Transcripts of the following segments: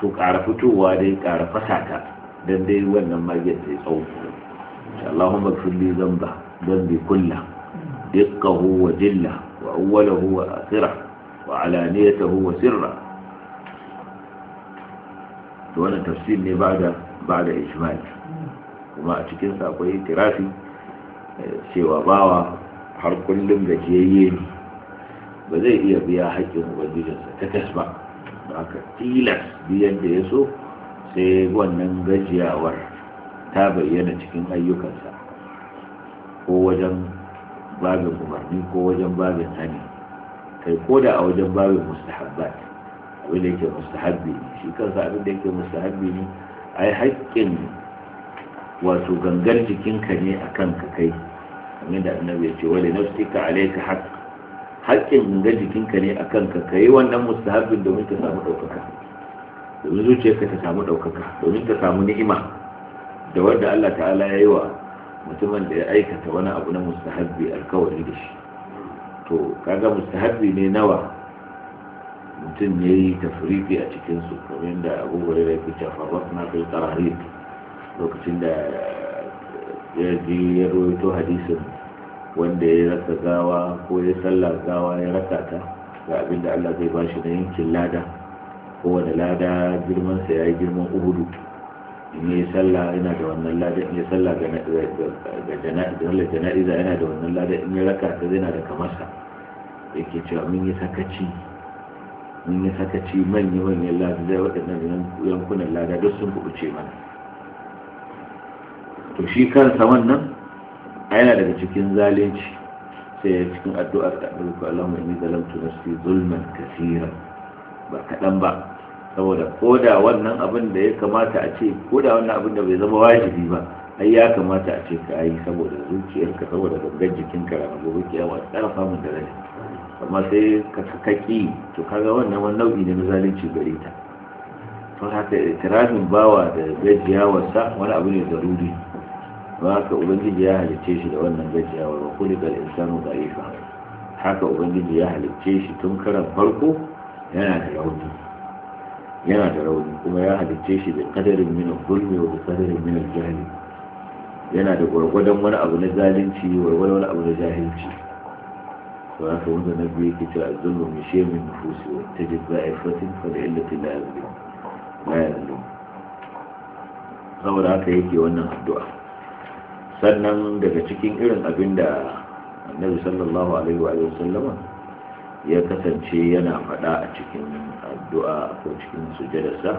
to ƙara fitowa dai ƙara fasata don dai wannan magiyar ta yi tsawo Allahumma kulli zamba bi kulla dukka wa jilla wa huwa wa akhirah wa ta wa sirra to wannan tafsir ne ba da ba kuma a cikin sa akwai tirafi eh, cewa bawa har kullum da ke yi ba zai iya biya haƙƙin ubangijinsa ta tasba da aka tilas biyan da ya so sai wannan gajiyawar ta bayyana cikin ayyukansa ko wajen babin umarni ko wajen babin hani kai ko da a wajen babin mustahabbat abin da yake mustahabbi ne shi kansa abin da yake mustahabbi ne ai haƙƙin wato gangar jikinka ne a kanka kai kamar da annabi ya ce wale nafsika alaika haqq haƙƙin ga jikinka ne a kanka ka yi wannan mustahabin domin ka samu ɗaukaka domin zuciyarka ta samu ɗaukaka domin ka samu ni'ima da wanda Allah ta'ala ya yi wa mutumin da ya aikata wani abu na mustahabbi alkawari da shi to kaga mustahabbi ne nawa mutum ya yi tafriqi a cikin su kamar da Abu Hurairah ya fice farrafna kai tsararri lokacin da ya ji ya rawaito hadisin wanda ya raka gawa ko ya sallah gawa ya raka ta ga abin da Allah zai bashi na yankin lada ko wani lada girman sa yayi girman uhudu in ya salla yana da wannan lada in ya salla ga jana'iza yana da wannan lada in ya raka ta yana da kamarsa yake cewa mun yi sakaci mun yi sakaci manyan manyan lada zai waɗannan yankunan lada duk sun kuɓuce mana to shi kansa wannan a yana daga cikin zalunci sai ya cikin addu'ar da ku Allah mai zalamtu nafsi zulman kasiran ba kaɗan ba saboda koda wannan abin da ya kamata a ce koda wannan abin da bai zama wajibi ba ai ya kamata a ce ka yi saboda zuciyarka saboda gangan jikinka ranar gobe kiyama tsara samun da rai amma sai ka kakaki to kaga wannan wani nau'i ne na zalunci gare ta to haka itirafin bawa da gajiyawarsa wani abu ne zaruri ba haka ubangiji ya halicce shi da wannan gajiyawar wa kulikal insanu da'ifa haka ubangiji ya halicce shi tun karan farko yana da rauni yana da rauni kuma ya halicce shi da kadarin min al-zulmi wa kadarin min al-jahli yana da gwargwadon wani abu na zalunci gwargwadon wani abu na jahilci to haka wanda na biyu yake cewa zulmu min nufusi wa tajid za'ifatin fa li'illati la yazlim ya yazlim saboda haka yake wannan addu'a sannan daga cikin irin abin da annabi sallallahu alaihi wa sallama ya kasance yana faɗa a cikin addu'a ko cikin sujadarsa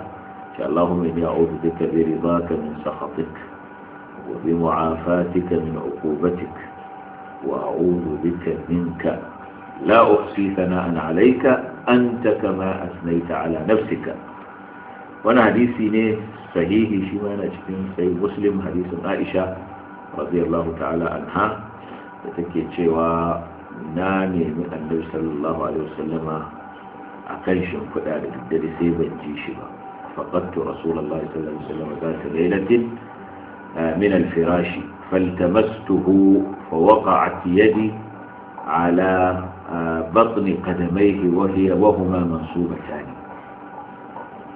ce Allahumma inni a'udhu bika bi ridaka min sakhatik wa bi mu'afatika min uqubatik wa a'udhu bika minka la uhsi thana'an 'alayka anta kama asnayta 'ala nafsika wannan hadisi ne sahihi shi ma yana cikin sai muslim hadisin Aisha radiyallahu ta'ala anha da take cewa na nemi annabi sallallahu alaihi a kan shimfiɗa da daddare sai ban ji shi ba faƙattu rasulallah sallallahu alaihi wasallama za ta lailatin eh, min alfirashi faltamastuhu fawaqa'at yadi ala eh, batni qadamayhi wa hiya wa huma mansubatani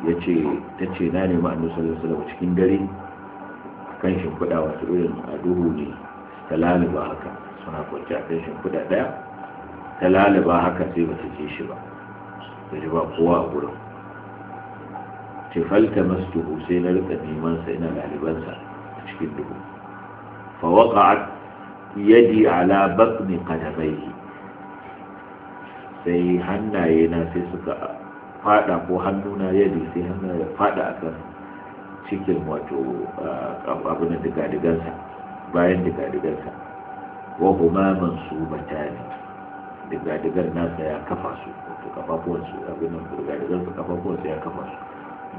yace tace na nemi annabi sallallahu alaihi cikin dare kan shimfiɗa wasu irin a duhu ne ta laliba haka suna kwanci a kan shimfiɗa ɗaya ta laliba haka sai ba ta ce shi ba ta ji ba kowa a gurin tifalta mastuhu sai na rika nemansa ina lalibansa a cikin duhu a yadi ala batni kanabai sai hannaye na sai suka fada ko hannuna yadi sai hannaye fada a akan cikin wato abin digadigansa bayan digadigansa wa huma mansubatani digadigar nasa ya kafa su wato kafafuwan su abin digadigar su kafafuwan su ya kafa su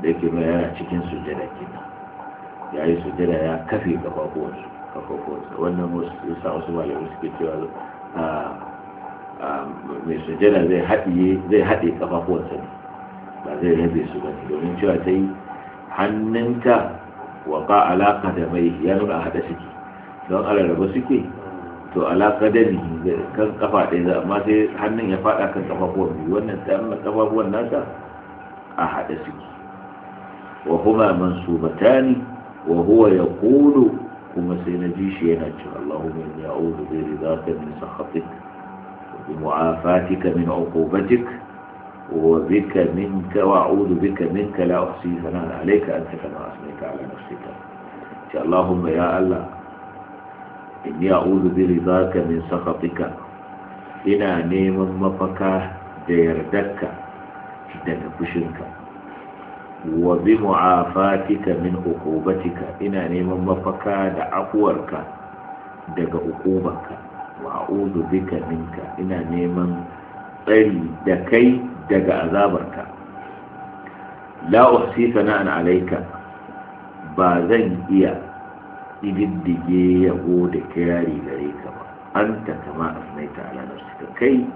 da yake mai yana cikin sujada kenan ya yi sujada ya kafe kafafuwan su kafafuwan su wannan wasu sa wasu malamai suke cewa mai sujada zai haɗe zai haɗe kafafuwan sa ne ba zai rabe su ba domin cewa yi Hannunta wa ka alaka da mai ya nuna haɗa suke don alaraba suke to alaka da ni kan kafa ɗaya za amma sai hannun ya faɗa kan kafafuwan biyu wannan ta nuna kafafuwan nasa a haɗa suke wa kuma mansubatani wa huwa yaqulu kuma sai na ji shi yana cewa Allahumma inni a'udhu bi ridaka min sakhatik wa bi mu'afatika min 'uqubatik وبك منك وأعوذ بك منك لا أحصي ثناء عليك أنت كما أثنيت على نفسك اللهم يا الله إني أعوذ برضاك من سخطك إنا نيم مفكا ديردك دك بشنك وبمعافاتك من عقوبتك إنا نيم مفكا دعفورك دك عقوبك وأعوذ بك منك إنا نيم قل دكي daga azabarka la uhsi sana'an alaika ba zan iya ididdige ya da kirari gare ka ba anta kama ta ala suka kai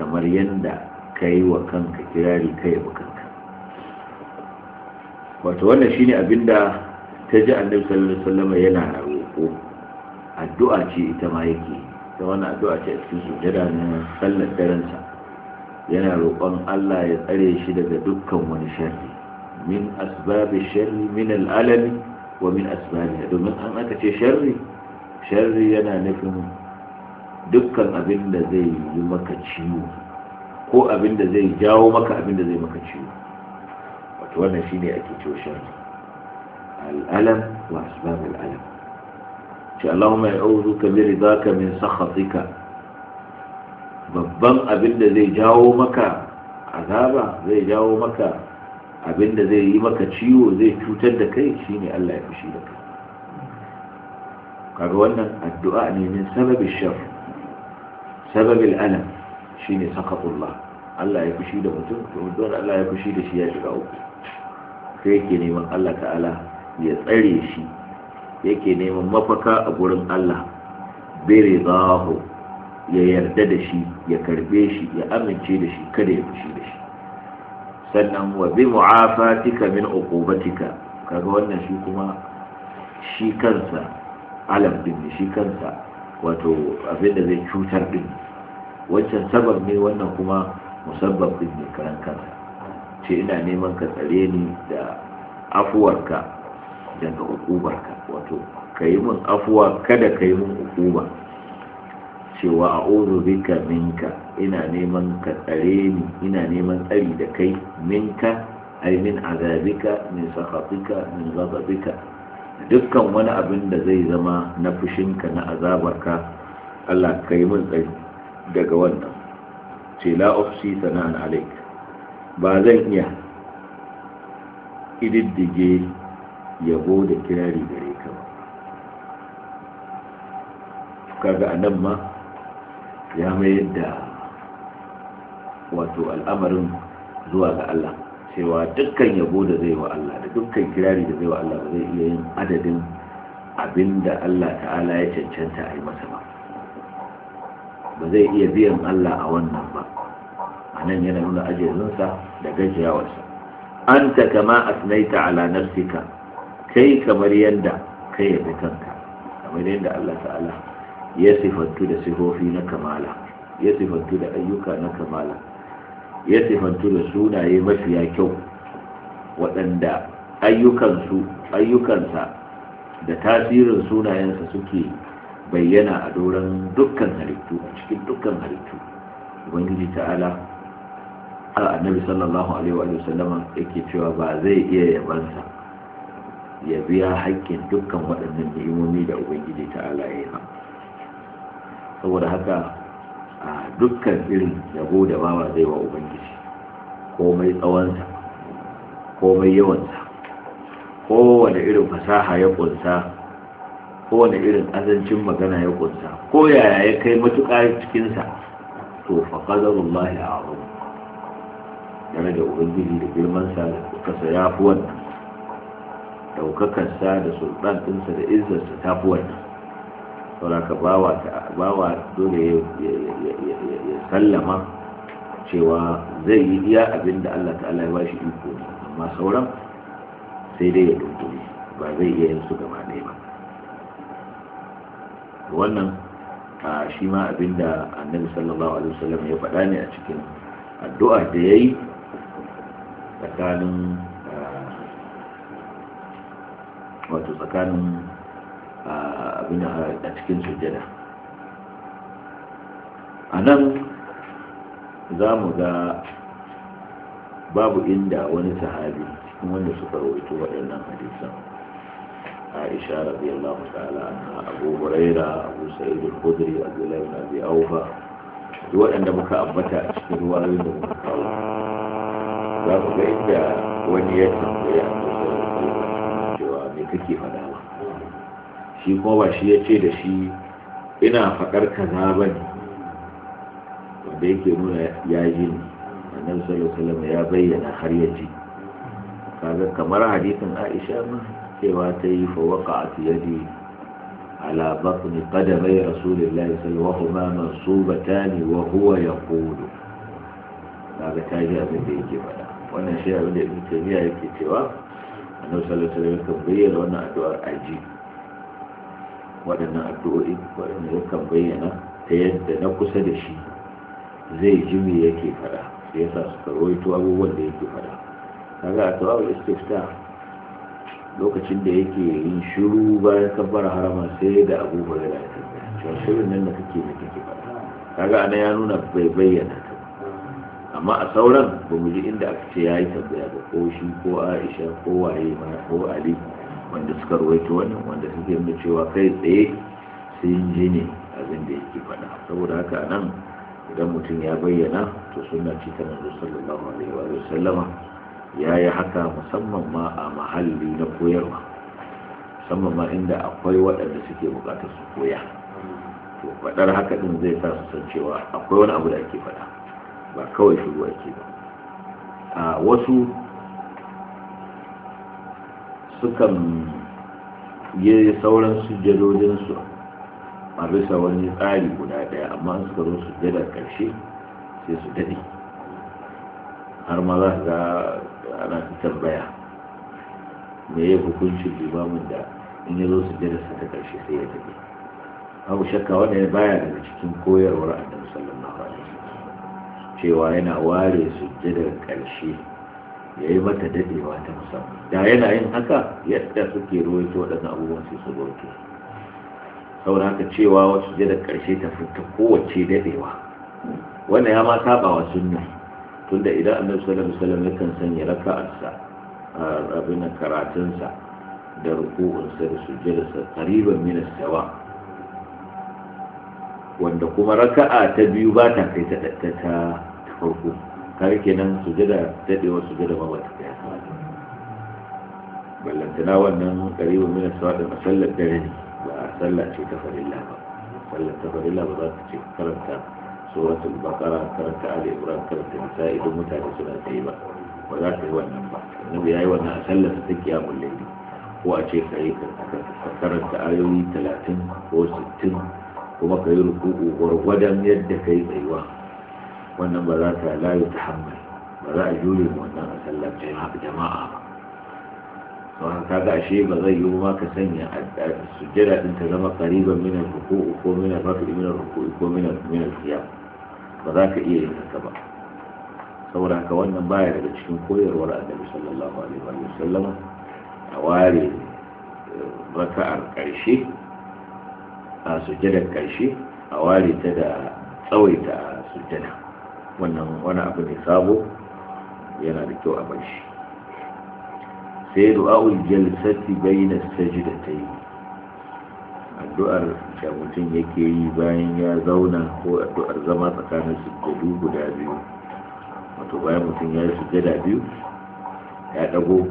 kamar yanda kai wa kanka kirari kai wa kanka wato wannan shine abinda ta ji annabi sallallahu alaihi wasallam yana roƙo addu'a ce ita ma yake ta wani addu'a ce a cikin sujada na sallar daren sa yana roƙon Allah ya tsare shi daga dukkan wani sharri min asbabi sharri min al'alami wa min asbabi domin an aka ce sharri sharri yana nufin dukkan abin da zai yi maka ciwo ko abin da zai jawo maka abin da zai maka ciwo wato wannan shine ake cewa sharri al'alam wa asbab al'alam ce Allahumma ya'udhuka bi ridaka min sakhatika babban abin da zai jawo maka azaba zai jawo maka abin da zai yi maka ciwo zai cutar da kai shine Allah ya fushi da kai kaga wannan addu'a ne min sababi shaf, sababi alam shine sakatullah Allah ya fushi da mutum to don Allah ya fushi da shi ya shiga uku sai yake neman Allah ta'ala ya tsare shi yake neman mafaka a gurin Allah bi ridahu ya yarda da shi ya karbe shi ya amince da shi kada ya fushi da shi sannan wa bi mu'afatika min uqubatika kaga wannan shi kuma shi kansa alam din shi kansa wato abin da zai cutar din wancan sabab ne wannan kuma musabbab din ne karan kansa ce ina neman ka tsare ni da afuwarka daga hukubarka wato ka yi min afuwa kada ka yi min hukuma cewa a'udhu bika minka ina neman ka tsare ni ina neman tsari da kai minka ai min azabika min sakhatika min ghadabika dukkan wani abin da zai zama na fushinka na azabarka Allah ka yi min tsari daga wannan ce la ufsi sana'an alaik ba zan iya ididdige yabo da kirari gare ka ba kaga anan ma ya mayar da wato al'amarin zuwa ga Allah cewa dukkan yabo da zai wa Allah da dukkan kirari da zai wa Allah ba zai iya yin adadin abin da Allah ta'ala ya cancanta a yi masa ba ba zai iya biyan Allah a wannan ba a nan yana nuna ajiyarsa da gajiyawarsa an ta kama asnaita ala nafsika kai kamar yadda kai yabi kanka kamar yadda Allah ta'ala ya sifantu da sifofi na kamala ya sifantu da ayyuka na kamala ya sifantu da sunaye mafiya kyau waɗanda ayyukansu ayyukansa da tasirin sunayensa suke bayyana a doron dukkan halittu a cikin dukkan halittu ubangiji ta'ala a annabi sallallahu alaihi wa sallam yake cewa ba zai iya yabansa ya biya haƙƙin dukkan waɗannan ni'imomi da ubangiji ta'ala ya yi saboda haka a dukkan irin yabo da bawa zai wa ubangiji komai tsawonsa komai yawansa kowane irin fasaha ya kunsa kowane irin azancin magana ya kunsa ko yaya ya kai matuƙa cikinsa to fa qadarullahi a'lam game da ubangiji da sa da kasa ya fi wannan daukakarsa da sultan ɗinsa da izzarsa ta fi wannan ka bawa dole ya sallama cewa zai yi iya abin da Allah ta'ala ya ba shi iko amma sauran sai dai ya dunkule ba zai iya yin su gama ɗaya ba wannan shi ma abin da annabi sallallahu alaihi wasallam ya faɗa ne a cikin addu'a da ya yi tsakanin wato tsakanin abin a cikin sujada a nan za mu ga babu inda wani sahabi cikin wanda suka rawaito waɗannan hadisan a ishara biyar na mutala a abu huraira abu sa'id al a zilai na zai auka waɗanda muka ambata a cikin ruwa da muka kawo za mu ga inda wani ya tambaya a cikin cewa me kake fada shi kuma ba shi ya ce da shi ina faɗar kaza ba ne wanda yake nuna ya yi ne annan salasalam ya bayyana har ya ji kaga kamar hadisin aisha ma cewa ta yi fawa ka a tiyadi ala bakuni kada mai rasu ya sai wahu ma batani wahuwa ya kodo kaga ta ji abin da yake faɗa wannan shi abin da ibn taymiya yake cewa annan salasalam ya bayyana wannan addu'ar ajiyu waɗannan addu'o'i waɗanda kan bayyana ta yadda na kusa da shi zai ji me yake faɗa yasa suka rawaito abubuwan da yake faɗa kaga a tawawul istifta lokacin da yake yin shiru bayan kabbara harama sai da abu hore da ta cewa shirin nan da kake da kake faɗa kaga ana ya nuna bai bayyana ta amma a sauran ba mu ji inda aka ce ya yi tambaya ba ko shi ko aisha ko waye ma ko ali wanda suka ruwaito wannan wanda suke nuna cewa kai tsaye sun ji ne abin da yake faɗa saboda haka a nan idan mutum ya bayyana to suna ci ta manzo sallallahu alaihi wa sallama ya yi haka musamman ma a mahalli na koyarwa musamman ma inda akwai waɗanda suke buƙatar su koya to faɗar haka ɗin zai sa su san cewa akwai wani abu da ake faɗa ba kawai shiru ake ba a wasu sukan yi sauran sujjadojinsu a bisa wani tsari guda daya amma suka zo sujjadar karshe sai su daɗe har ma za ga ana ta baya me ya hukunci limamin da in ya zo su ta karshe sai ya daɗe abu shakka wanda ya baya daga cikin koyarwar annabi sallallahu alaihi wasallam cewa yana ware sujjadar karshe ya yi mata dadewa ta musamman da yana yin haka yadda suke ruwaito waɗannan abubuwan su su ke saboda haka cewa wasu da ƙarshe ta fita kowace dadewa Wanda ya ma saba wa sunna tunda idan annabi sallallahu alaihi wasallam yakan sanya raka'arsa a karatun karatunsa da sa da sujjadarsa qariban min as-sawa wanda kuma raka'a ta biyu ba ta kai ta ta farko kare kenan sujada dadewar sujada ma bata kai haka ballantana wannan karibin mina sawadin a sallar dare ne ba a sallar ce ta farilla ba sallar ta farilla ba za ta ce karanta suratul bakara karanta ali ibrahim karanta nisa idan mutane suna ta yi ba ba za ta yi wannan ba ya yi wannan a sallar ta kiyamul layli ko a ce kai ka karanta ayoyi talatin ko sittin kuma ka kai ruku'u gwargwadon yadda ka yi tsayuwa wannan ba za ta layu ta hammal ba za a juye wannan a sallar jama'a ba sauran ga ashe ba zai yiwu ma ka sanya sujjada din ta zama qariban min al ko minar al-raf'i minar al ko minar min al ba za ka iya yin haka ba saboda haka wannan baya daga cikin koyarwar annabi sallallahu alaihi wa sallam a ware eh, raka'ar karshe a sujjadar karshe a ware ta da tsawaita sujjada wannan wani abu ne sabo yana da kyau a bar shi sai du'a'ul jalsati bayna sajdatayn addu'ar da mutum yake yi bayan ya zauna ko addu'ar zama tsakanin sujjadu guda biyu wato bayan mutum ya yi sujjada biyu ya dago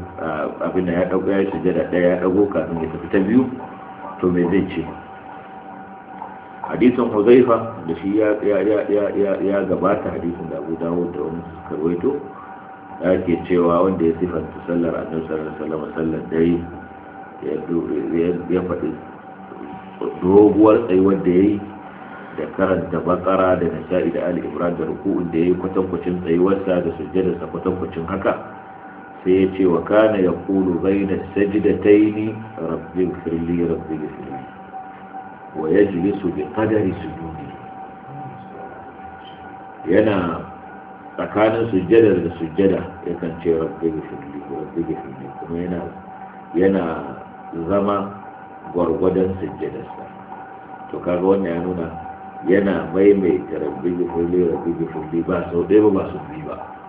abin da ya dago ya yi sujjada daya ya dago kafin ya tafi ta biyu to me zai ce hadisin huzaifa da shi ya gabata hadisin da abu dawud da wani karwaito ya ke cewa wanda ya sifanta sallar annabi sallallahu alaihi wasallam da yi ya faɗi doguwar tsayuwar da ya yi da karanta bakara da nasa'i da ali ibrahim da ruku'un da ya yi kwatankwacin tsayuwarsa da sujjadarsa kwatankwacin haka sai ya ce wa kana ya kulu bayna sajidataini rabbi firli rabbi firli wa yajlisu bi qadari sujudi yana tsakanin sujjadar da sujjada yakan ce rabbi gifirli rabbi gifirli kuma yana yana zama gwargwadon sujjadarsa to kaga wannan ya nuna yana maimaita rabbi gifirli rabbi gifirli ba sau ɗaya ba ba biyu ba